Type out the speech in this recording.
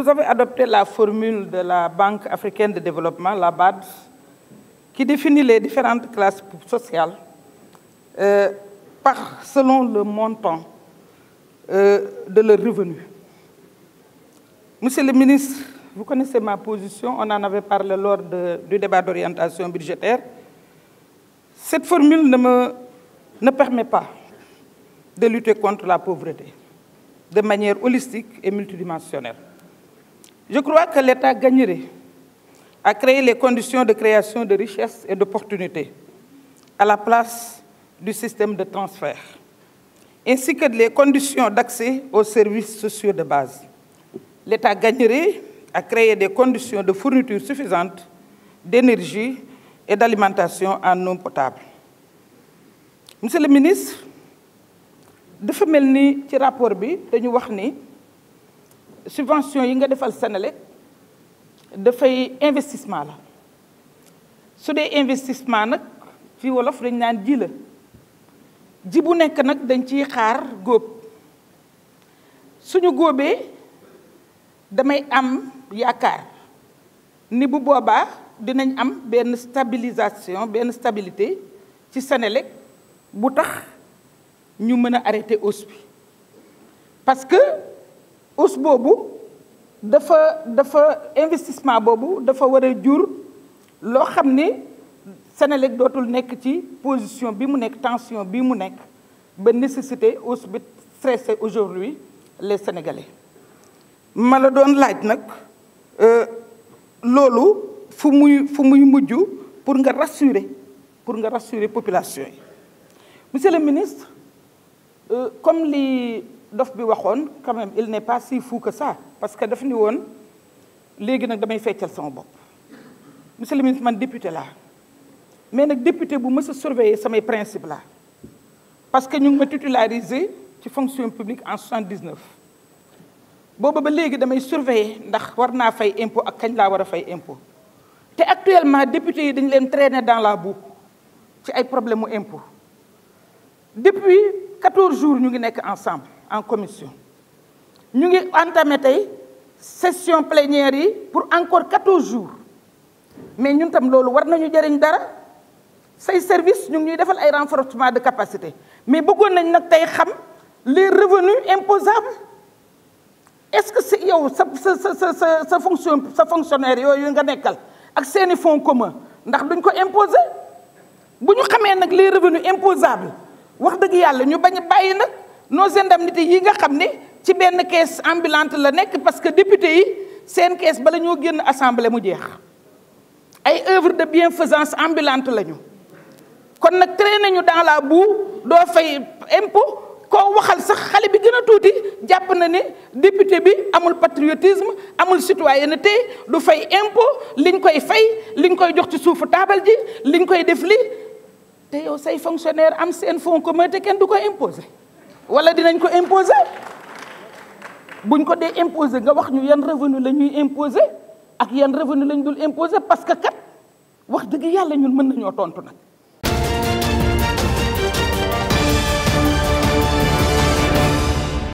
Vous avez adopté la formule de la Banque africaine de développement, la BAD, qui définit les différentes classes sociales euh, selon le montant euh, de leurs revenus. Monsieur le ministre, vous connaissez ma position, on en avait parlé lors du débat d'orientation budgétaire. Cette formule ne, me, ne permet pas de lutter contre la pauvreté de manière holistique et multidimensionnelle. Je crois que l'État gagnerait à créer les conditions de création de richesses et d'opportunités à la place du système de transfert, ainsi que les conditions d'accès aux services sociaux de base. L'État gagnerait à créer des conditions de fourniture suffisante d'énergie et d'alimentation en eau potable. Monsieur le ministre, dafa rapport subvention yi nga defal investissement la su dee investissement nag fii wolof dañ naan la ji bu xaar suñu damay am yaakaar ni bu boobaa dinañ am stabilisation benn stabilité ci Senelec bu tax ñu parce que us bobu dafa dafa investissement bobu dafa wara jur lo xam sénégalais dotul nek ci position bi mu nek tension bi mu nek ba nécessité aussi bi stressé aujourd'hui les Sénégalais mala la laaj nak euh lolu fu muy fu muy muju pour nga rassurer pour nga rassurer population monsieur le ministre euh, comme li bi quand même il n'est pas si fou que ça parce que daf ni won légui nak damay a sama monsieur le ministre man député là, mais nak député bu meuse surveiller samay principes. là. parce que nous ngi ma titularisé ci fonction publique en 79 booba ba légui damay surveiller ndax warna fay impôt ak fay impôt actuellement député yi sont leen traîner dans la boue ci ay problème problèmes impôt depuis 14 jours nous ngi ensemble en commission Nous avons entamé la session plénière pour encore 14 jours mais nous tam loolu war nañu jëriñ dara say service ñu ngi ñuy defal ay renforcement de capacité mais nous nañ nag tey xam les revenus imposables est-ce que c'est yow ça sa sa sa fonction fonctionnaire yooyu nga fonds commun ndax duñ ko imposer nous ñu xamee les revenus imposables nous ne yàlla ñu nos indemnités yi nga xamné ci benn caisse ambulante la nek parce que député yi seen caisse bala ñoo génn assemblée mu jeex ay œuvre de bienfaisance ambulante lañu kon nag traîné nañu dans la boue doo fay impôt koo waxal sax xale bi gën a tuuti jàpp na ne député bi amul patriotisme amul citoyenneté du fay impôt liñ koy fay liñ koy jox ci suufu table ji liñ koy def li te yow say fonctionnaire am seen fonds commun te kenn du ko imposer wala dinañ ko imposer buñ ko dee imposer nga wax ñu yan revenu la ñuy imposer ak yan revenu lañ dul imposer parce que kat wax dëgg yàlla ñun mën nañoo tontu nag.